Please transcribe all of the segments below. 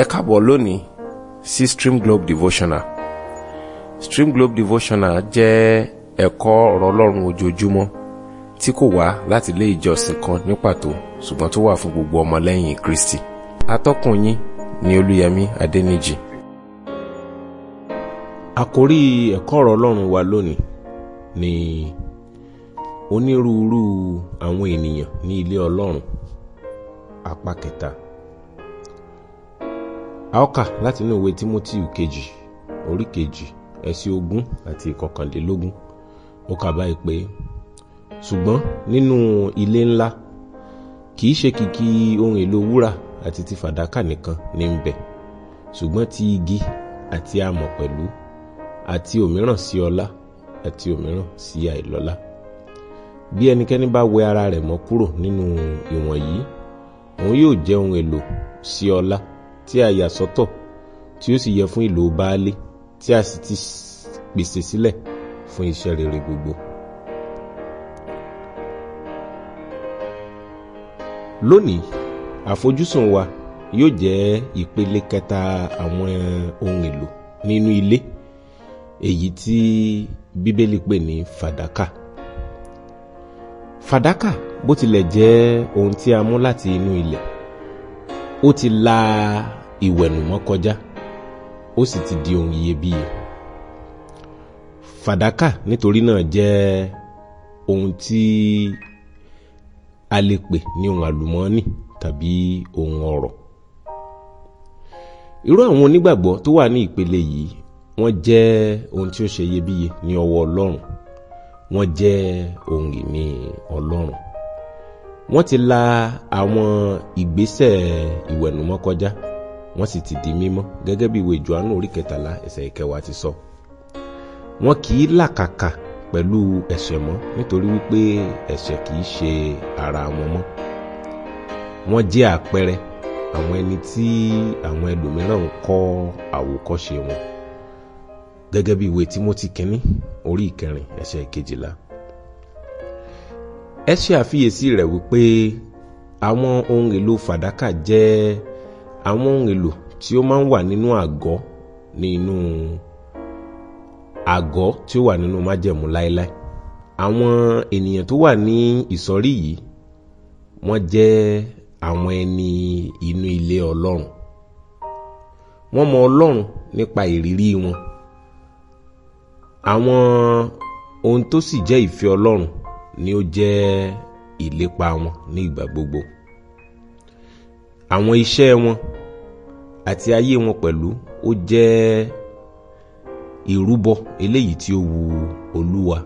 ẹ káàbọ̀ lónìí sí stream globe devotional stream globe devotional jẹ́ ẹ̀kọ́ ọ̀rọ̀ ọlọ́run ojoojúmọ́ tí kò wá láti ilé ìjọsìn kan ní pàtó ṣùgbọ́n tó wà fún gbogbo ọmọlẹ́yìn kristi atọ́kùn yín ni olúyẹmí adẹ́nìjì. àkórí ẹ̀kọ́ ọ̀rọ̀ ọlọ́run wa lónìí ni onírúurú àwọn ènìyàn ní ilé ọlọ́run apá kẹta a ó kà láti inú ìwé timothy kejì orí kejì ẹsẹ̀ ogún àti ìkọkànlélógún ó kà báyìí pé ṣùgbọ́n nínú ilé ńlá kì í ṣe kìkì ohun èlò wúrà àti ti fàdákà nìkan ní ń bẹ ṣùgbọ́n ti igi àti amọ̀ pẹ̀lú àti òmíràn sí ọlá àti òmíràn sí àìlọ́lá bí ẹnikẹ́ni bá wẹ ara rẹ̀ mọ́ kúrò nínú ìwọ̀nyí òun yóò jẹ́ ohun èlò sí ọlá tí a yà sọ́tọ̀ tí ó sì yẹ fún ìlò baálé tí a sì ti pèsè sílẹ̀ fún iṣẹ́ rere gbogbo. lónìí àfojúsùn wa yóò jẹ́ ìpele kẹta àwọn ohun èlò nínú ilé èyí tí bíbélì pè ní fàdákà fàdákà bó tilẹ̀ jẹ́ ohun tí a mú láti inú ilẹ̀ ó ti la ìwẹ̀nùmọ́ kọjá ó sì ti di ohun iyebíye fàdákà nítorí náà jẹ́ ohun tí a lè pè ní ohun àlùmọ́ọ́nì tàbí ohun ọ̀rọ̀ irú àwọn onígbàgbọ́ tó wà ní ìpele yìí wọ́n jẹ́ ohun tí ó ṣe iyebíye ní ọwọ́ ọlọ́run wọ́n jẹ́ ohun ìní ọlọ́run wọ́n ti la àwọn ìgbésẹ̀ ìwẹ̀nùmọ́ kọjá wọ́n sì ti di mímọ́ gẹ́gẹ́ bí ìwé Jòhánù orí kẹtàlá ẹsẹ̀ ìkẹwàá ti sọ wọn kì í làkàkà pẹ̀lú ẹ̀ṣẹ̀ mọ́ nítorí wípé ẹ̀ṣẹ̀ kì í ṣe ara wọn mọ́ wọ́n jẹ́ àpẹẹrẹ àwọn ẹni tí àwọn ẹlòmíràn ń kọ́ àwòkọ́ṣe wọn gẹ́gẹ́ bí ìwé Tímótì kínní orí ìkẹrin ẹsẹ̀ kejìlá ẹ ṣe àfiyèsí rẹ̀ wípé àwọn ohun èlò fàdákà jẹ́ àwọn ohun èlò tí ó máa ń wà nínú àgọ́ ní inú àgọ́ tí ó wà nínú májẹ̀mú láéláé àwọn ènìyàn tó wà ní ìsọ̀rí yìí wọ́n jẹ́ àwọn ẹni inú ilé ọlọ́run wọ́n mọ ọlọ́run nípa ìrírí wọn àwọn ohun tó sì jẹ́ ìfẹ́ ọlọ́run ni ó jẹ́ ìlépa wọn ní ìgbà gbogbo àwọn iṣẹ́ wọn àti ayé wọn pẹ̀lú ó jẹ́ ìrúbọ eléyìí tí ó wu olúwa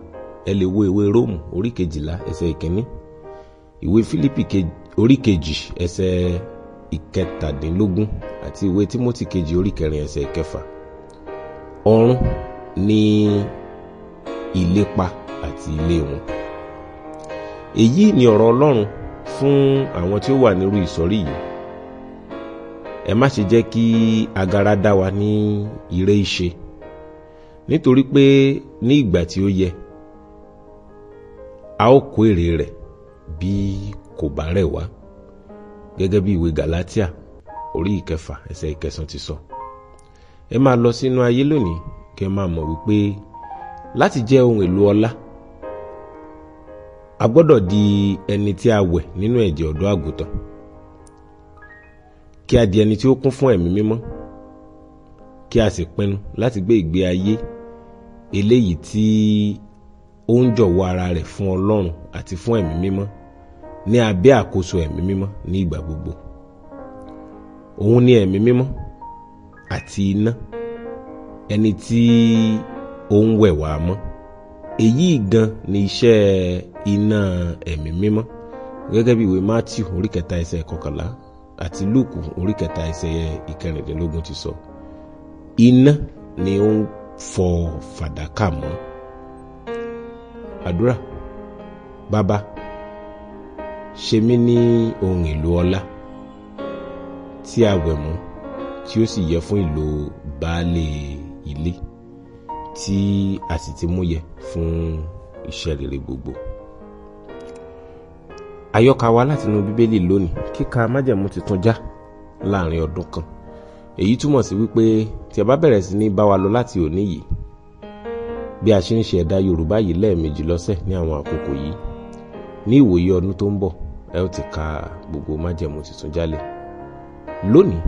ẹ lè wo ìwé róòmù orí kejìlá ẹsẹ̀ ìkíní ìwé fílípì orí kejì ẹsẹ̀ ìkẹtàdínlógún àti ìwé tímọ́tì kejì orí kẹrin ẹsẹ̀ ìkẹfà ọ̀run ni ìlépa àti ilé wọn èyí ni ọ̀rọ̀ ọlọ́run fún àwọn tí ó wà nírú ìsọ̀rí yìí ẹ má ṣe jẹ́ kí agara dá wa ní ire ìṣe nítorí pé ní ìgbà tí ó yẹ a ó kó èrè rẹ̀ bí kò bá rẹ̀ wá gẹ́gẹ́ bí ìwé Galatia orí ìkẹfà ẹsẹ̀ ìkẹsàn ti sọ ẹ máa lọ sínú ayé lónìí kẹ́ máa mọ̀ wípé láti jẹ́ ohun èlò ọlá a gbọ́dọ̀ di ẹni tí a wẹ̀ nínú ẹ̀jẹ̀ ọ̀dọ́ àgùntàn kí a di ẹni tí ó kún fún ẹ̀mí mímọ́ kí a sì pinnu láti gbé ìgbé ayé eléyìí tí ó ń jọ̀wọ́ ara rẹ̀ fún Ọlọ́run àti fún ẹ̀mí mímọ́ ní abẹ́ àkóso ẹ̀mí mímọ́ ní ìgbà gbogbo òun ni ẹ̀mí mímọ́ àti iná ẹni tí ó ń wẹ̀ wá mọ́ èyí gan ni iṣẹ́ iná ẹ̀mí mímọ́ gẹ́gẹ́ bí ìwé matthew orí kẹta ẹsẹ̀ kọkànlá àti luke orí kẹta ẹsẹ̀ ìkẹrìndínlógún ti sọ iná ni ó ń fọ fàdákà mọ́ àdúrà bàbá ṣe mí ní ohun èlò ọlá tí a wẹ̀ mọ́ tí ó sì yẹ fún ìlò baálé ilé tí a sì ti múyẹ fún iṣẹ́ rere gbogbo. àyọkà wa látinú bíbélì lónìí kíka májẹ̀mú tuntun já láàrin ọdún kan èyí túmọ̀ sí wípé tí ẹ bá bẹ̀rẹ̀ sí ní bá wa lọ láti òní yìí bí a ṣe ń ṣe ẹ̀dá yorùbá yìí lẹ́ẹ̀mejì lọ́sẹ̀ ní àwọn àkókò yìí ní ìwòye ọdún tó ń bọ̀ ẹ ó ti ka gbogbo májẹ̀mú tuntun jálẹ̀ lónìí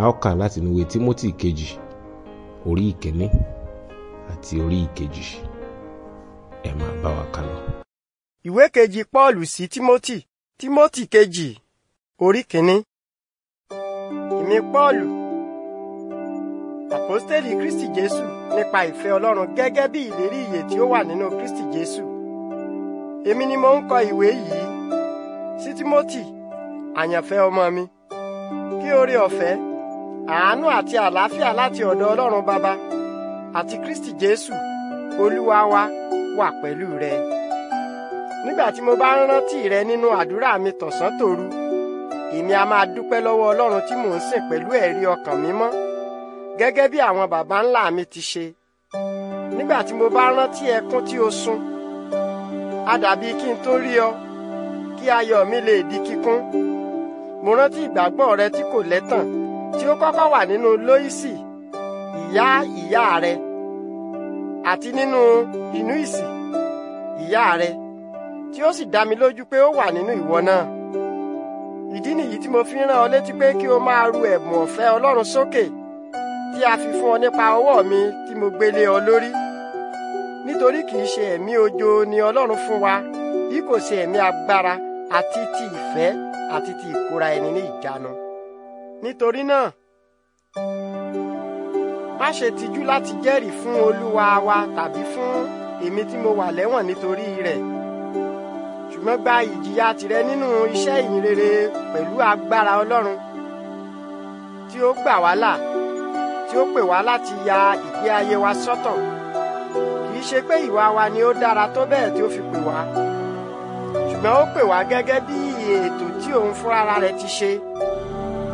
a ó kà látinú ìwé timothy kejì orí ìkíní àti orí ìkejì ẹ máa bá wa kálọ. ìwé kejì Pọ́ọ̀lù sí Tímótì Tímótì kejì orí kìíní. èmi Pọ́ọ̀lù àpọ́stélì Kristi Jésù nípa ìfẹ́ Ọlọ́run gẹ́gẹ́ bí ìlérí ìyè tí ó wà nínú Kristi Jésù. èmi ni mo ń kọ ìwé yìí sí Tímótì àyànfẹ́ ọmọ mi kí oore ọ̀fẹ́ àánú àti àlàáfíà láti ọ̀dọ̀ Ọlọ́run Baba àti Kristi Jésù Olúwa wa wà pẹ̀lú rẹ nígbà tí mo bá ń rántí rẹ nínú àdúrà mi tọ̀sán tòru èmi a máa dúpẹ́ lọ́wọ́ Ọlọ́run tí mò ń sìn pẹ̀lú ẹ̀rí ọkàn mímọ́ gẹ́gẹ́ bí àwọn baba ńlá mi ti ṣe nígbà tí mo bá rántí ẹkún tí o sun a dàbí kí n tó rí ọ kí ayọ̀ mi lè di kíkún mo rántí ìgbàgbọ́ rẹ tí kò lẹ́tàn tí ó kọ́kọ́ wà nínú Lóísì ìyá ìyá rẹ àti nínú inú ìsì ìyá rẹ tí ó sì dá mi lójú pé ó wà nínú ìwọ náà ìdí nìyí tí mo fi ń rán ọ létí pé kí o máa ru ẹ̀bùn ọ̀fẹ́ Ọlọ́run sókè tí a fi fún ọ nípa ọwọ́ mi tí mo gbé lé ọ lórí nítorí kì í ṣe ẹ̀mí ojo ni Ọlọ́run fún wa bí kò ṣe ẹ̀mí agbára àti ti ìfẹ́ àti ti ìkóra ẹni ní ìjánu nítorí náà má ṣe tijú láti jẹ́rìí fún olúwa wa tàbí fún èmi tí mo wà lẹ́wọ̀n nítorí rẹ̀ ṣùgbọ́n gba ìjìyà tìrẹ nínú iṣẹ́ ìyìnrere pẹ̀lú agbára ọlọ́run tí ó gbà wá là tí ó pè wá láti ya ìgbé ayé wa sọ́tọ̀ kì í ṣe pé ìwà wa ni ó dára tó bẹ́ẹ̀ tí ó fi pè wá ṣùgbọ́n ó pè wá gẹ́gẹ́ bí ètò tí òun fúnra rẹ̀ ti ṣe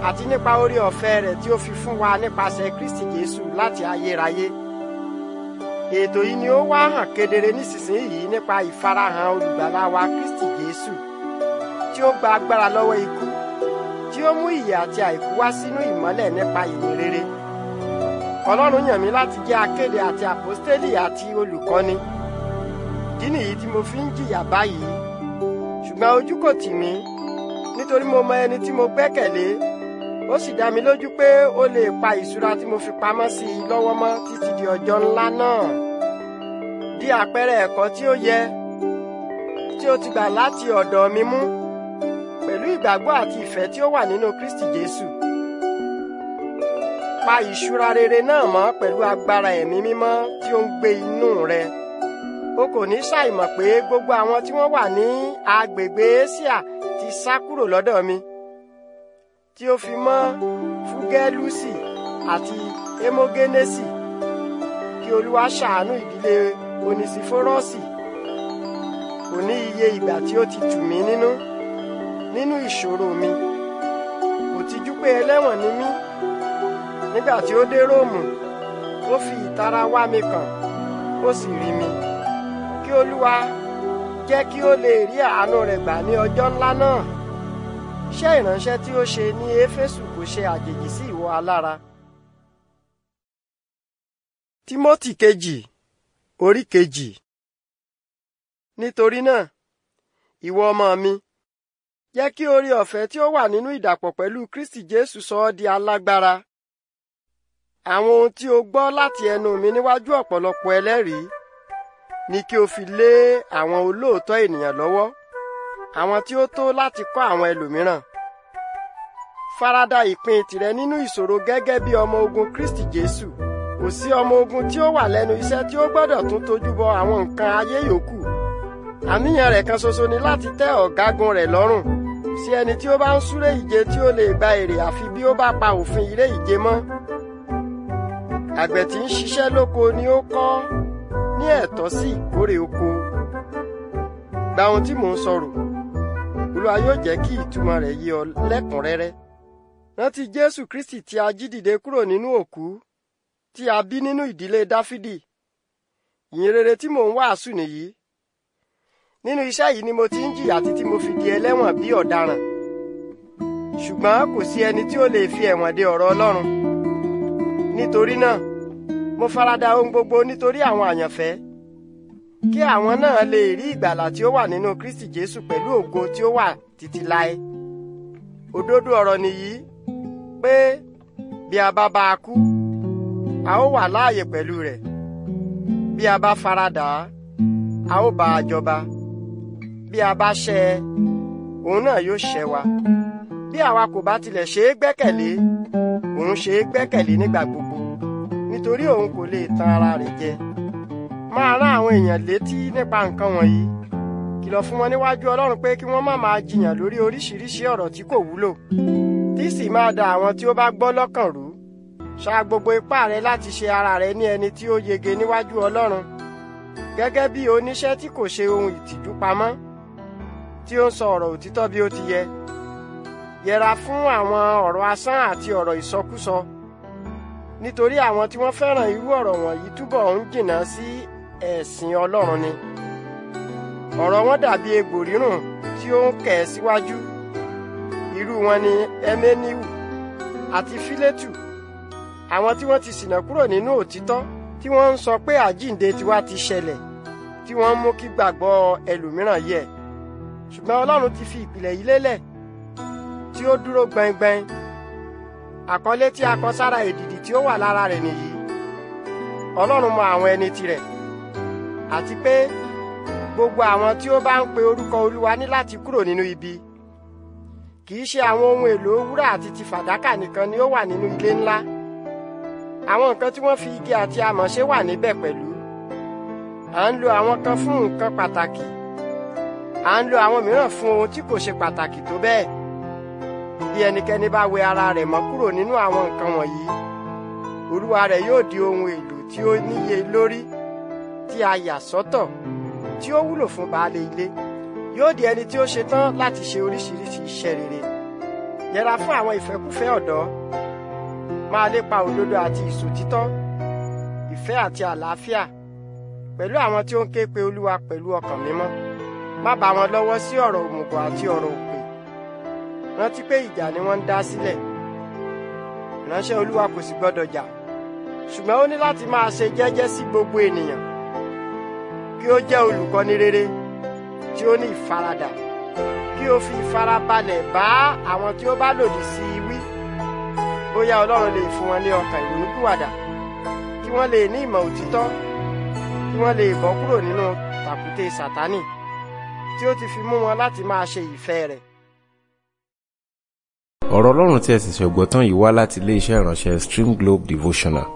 àti nípa orí ọ̀fẹ́ rẹ̀ tí ó fi fún wa nípasẹ̀ Kristi Jésù láti ayérayé ètò yìí ni ó wá hàn kedere nísinsìnyí nípa ìfarahàn olùgbàlà wa Kristi Jésù tí ó gba agbára lọ́wọ́ ikú tí ó mú ìyè àti àìkú wá sínú ìmọ́lẹ̀ nípa ìyìn rere Ọlọ́run yàn mí láti jẹ́ akéde àti àpọ́stélì àti olùkọ́ni ìdí nìyí tí mo fi ń jìyà báyìí ṣùgbọ́n ojú kò tì mí nítorí mo mọ ẹni tí mo gbẹ́kẹ̀lé ó sì dá mi lójú pé ó lè pa ìṣúra tí mo fi pamọ́ sí i lọ́wọ́ mọ́ títí di ọjọ́ ńlá náà di àpẹẹrẹ ẹ̀kọ́ tí ó yẹ tí ó ti gbà láti ọ̀dọ̀ mi mú pẹ̀lú ìgbàgbọ́ àti ìfẹ́ tí ó wà nínú Kristi Jésù pa ìṣúra rere náà mọ́ pẹ̀lú agbára ẹ̀mí mímọ́ tí ó ń gbé inú rẹ o kò ní ṣàìmọ̀ pé gbogbo àwọn tí wọ́n wà ní agbègbè Asia ti sá kúrò lọ́dọ̀ mi tí ó fi mọ́ fúgẹ́lùsì àti hémógénésì kí olúwa ṣàánú ìdílé onísìfórọ́ọ̀sì kò ní iye ìgbà tí ó ti tù mí nínú nínú ìṣòro mi kò tijú pé ẹlẹ́wọ̀n ni mí nígbà tí ó dé róòmù ó fi ìtara wá mi kàn ó sì rí mi kí olúwa jẹ́ kí ó lè rí àánú rẹ̀ gbà ní ọjọ́ ńlá náà iṣẹ́ ìránṣẹ́ tí ó ṣe ní éfésù kò ṣe àjèjì sí ìwọ alára. tímọ́tì kejì orí kejì nítorí náà ìwọ ọmọ mi jẹ́ kí oore ọ̀fẹ́ tí ó wà nínú ìdàpọ̀ pẹ̀lú kristi jésù sọ ọ́ di alágbára àwọn ohun tí o gbọ́ láti ẹnu mi níwájú ọ̀pọ̀lọpọ̀ ẹlẹ́rìí ni kí o fi lé àwọn olóòótọ́ ènìyàn lọ́wọ́ àwọn tí ó tó láti kọ́ àwọn ẹlòmíràn farada ìpín tìrẹ nínú ìṣòro gẹ́gẹ́ bí ọmọ ogun Kristi Jésù kò sí ọmọ ogun tí ó wà lẹ́nu iṣẹ́ tí ó gbọ́dọ̀ tún tójú bọ àwọn nǹkan ayé yòókù àníyàn rẹ̀ kan ṣoṣo ni láti tẹ́ ọ̀gágun rẹ̀ lọ́rùn sí ẹni tí ó bá ń súré ìje tí ó lè gba èrè àfi bí ó bá pa òfin ilé ìje mọ́ àgbẹ̀ tí ń ṣiṣẹ́ lóko ni ó kọ́ ní ẹ̀tọ́ sí ìkórè oko gba ohun tí mò ń sọ̀rọ̀ olúwa yóò jẹ́ kí ìtumọ̀ rẹ̀ yé ọ lẹ́kùnrẹ́rẹ́ rántí jésù kristi tí a jí dìde kúrò nínú òkú tí a bí nínú ìdílé dáfídì ìyìn rere tí mò ń wàásù nìyí nínú iṣẹ́ yìí ni mo ti ń jìyà títí mo fi di ẹlẹ́wọ̀n bí ọ̀daràn ṣùgbọ́n kò sí ẹni tí ó lè fi ẹ̀wọ̀n de ọ̀rọ̀ ọlọ́run nítorí náà mo farada ohun gbogbo nítorí àwọn àyànfẹ́ kí àwọn náà lè rí ìgbàlà tí ó wà nínú Kristi Jésù pẹ̀lú ògo tí ó wà títí láé. Òdodo ọ̀rọ̀ nìyí pé bí a bá bá a kú a ó wà láàyè pẹ̀lú rẹ̀ bí a bá faradà a ó bá a jọba bí a bá ṣẹ̀ ẹ́ òun náà yóò ṣẹ̀ wa bí àwa kò bá tilẹ̀ ṣe é gbẹ́kẹ̀lé òun ṣe é gbẹ́kẹ̀lé nígbà gbogbo nítorí òun kò lè tan ara rẹ̀ jẹ máa rán àwọn èèyàn létí nípa nǹkan wọ̀nyí kìlọ̀ fún wọn níwájú ọlọ́run pé kí wọ́n má máa jiyàn lórí oríṣiríṣi ọ̀rọ̀ tí kò wúlò tí sì máa da àwọn tí ó bá gbọ́ lọ́kàn rú ṣa gbogbo ipá rẹ láti ṣe ara rẹ ní ẹni tí ó yege níwájú ọlọ́run gẹ́gẹ́ bí oníṣẹ́ tí kò ṣe ohun ìtìjú pamọ́ tí ó ń sọ ọ̀rọ̀ òtítọ́ bí ó ti yẹ yẹra fún àwọn ọ̀rọ̀ asán àti ọ̀rọ̀ ìsọkúsọ nítorí àwọn tí wọ́n fẹ́ràn irú ọ̀rọ̀ wọ̀nyí túbọ̀ ń jìnnà sí ẹ̀sìn Ọlọ́run ni ọ̀rọ̀ wọn dàbí egbò rírùn tí ó ń kẹ̀ síwájú irú wọn ni Ẹmẹ́níù àti Fílétù àwọn tí wọ́n ti ṣìnà kúrò nínú òtítọ́ tí wọ́n ń sọ pé àjíǹde tiwa ti ṣẹlẹ̀ tí wọ́n ń mú kí gbàgbọ́ ẹlòmíràn yẹ̀ ṣùgbọ́n Ọlọ́run ti fi ìpìlẹ̀ yìí lélẹ̀ tí ó dúró gbẹngbẹng àkọlé tí a kọ sára èdìdì tí ó wà lára rẹ̀ nìyí Ọlọ́run mọ àwọn ẹni tirẹ̀ àti pé gbogbo àwọn tí ó bá ń pe orúkọ olúwa ní láti kúrò nínú ibi kì í ṣe àwọn ohun èlò wúrà àti ti fàdákà nìkan ni ó wà nínú ilé ńlá àwọn nǹkan tí wọ́n fi igi àti amọ̀ ṣe wà níbẹ̀ pẹ̀lú à ń lo àwọn kan fún nǹkan pàtàkì à ń lo àwọn mìíràn fún ohun tí kò ṣe pàtàkì tó bẹ́ẹ̀ bí ẹnikẹ́ni bá wẹ ara rẹ̀ mọ́ kúrò nínú àwọn nǹkan wọ̀nyí olúwa rẹ̀ yóò di ohun èlò tí ó níye lórí tí a yà sọ́tọ̀ tí ó wúlò fún baálé ilé yóò di ẹni tí ó ṣetán láti ṣe oríṣiríṣi iṣẹ́ rere yẹra fún àwọn ìfẹ́kúfẹ́ ọ̀dọ́ máa lépa òdodo àti ìṣòtítọ́ ìfẹ́ àti àlàáfíà pẹ̀lú àwọn tí ó ń ké pe olúwa pẹ̀lú ọkàn mímọ́ má bá wọn lọ́wọ́ sí ọ̀rọ̀ òmùgọ̀ àti ọ̀rọ̀ òpè rántí pé ìjà ni wọ́n ń dá sílẹ̀ ìránṣẹ́ olúwa kò sì gbọ́dọ̀ jà ṣùgbọ́n ó ní láti máa ṣe jẹ́jẹ́ sí gbogbo ènìyàn kí ó jẹ́ olùkọ́ni rere tí ó ní ìfaradà kí ó fi ìfarabalẹ̀ bá àwọn tí ó bá lòdì sí i wí bóyá ọlọ́run lè fún wọn ní ọkàn ìrúkúwàdà kí wọ́n lè ní ìmọ̀ òtítọ́ kí wọ́n lè bọ́ kúrò nínú tàkúté sàtánì tí ó ti fi mú wọn láti máa ṣe ìfẹ́ rẹ̀. ọ̀rọ̀ ọlọ́run tí ẹ sì ṣẹ̀gbọ́n tán yìí wá láti ilé ìránṣẹ́ Stream Globe Devotional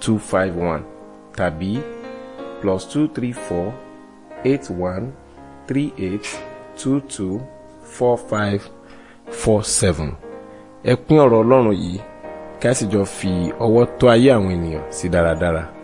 two five one tàbí plus two three four eight one three eight two two four five four seven. ẹ pín ọ̀rọ̀ ọlọ́run yìí ká sì jọ fi ọwọ́ tó ayé àwọn ènìyàn sí dáradára.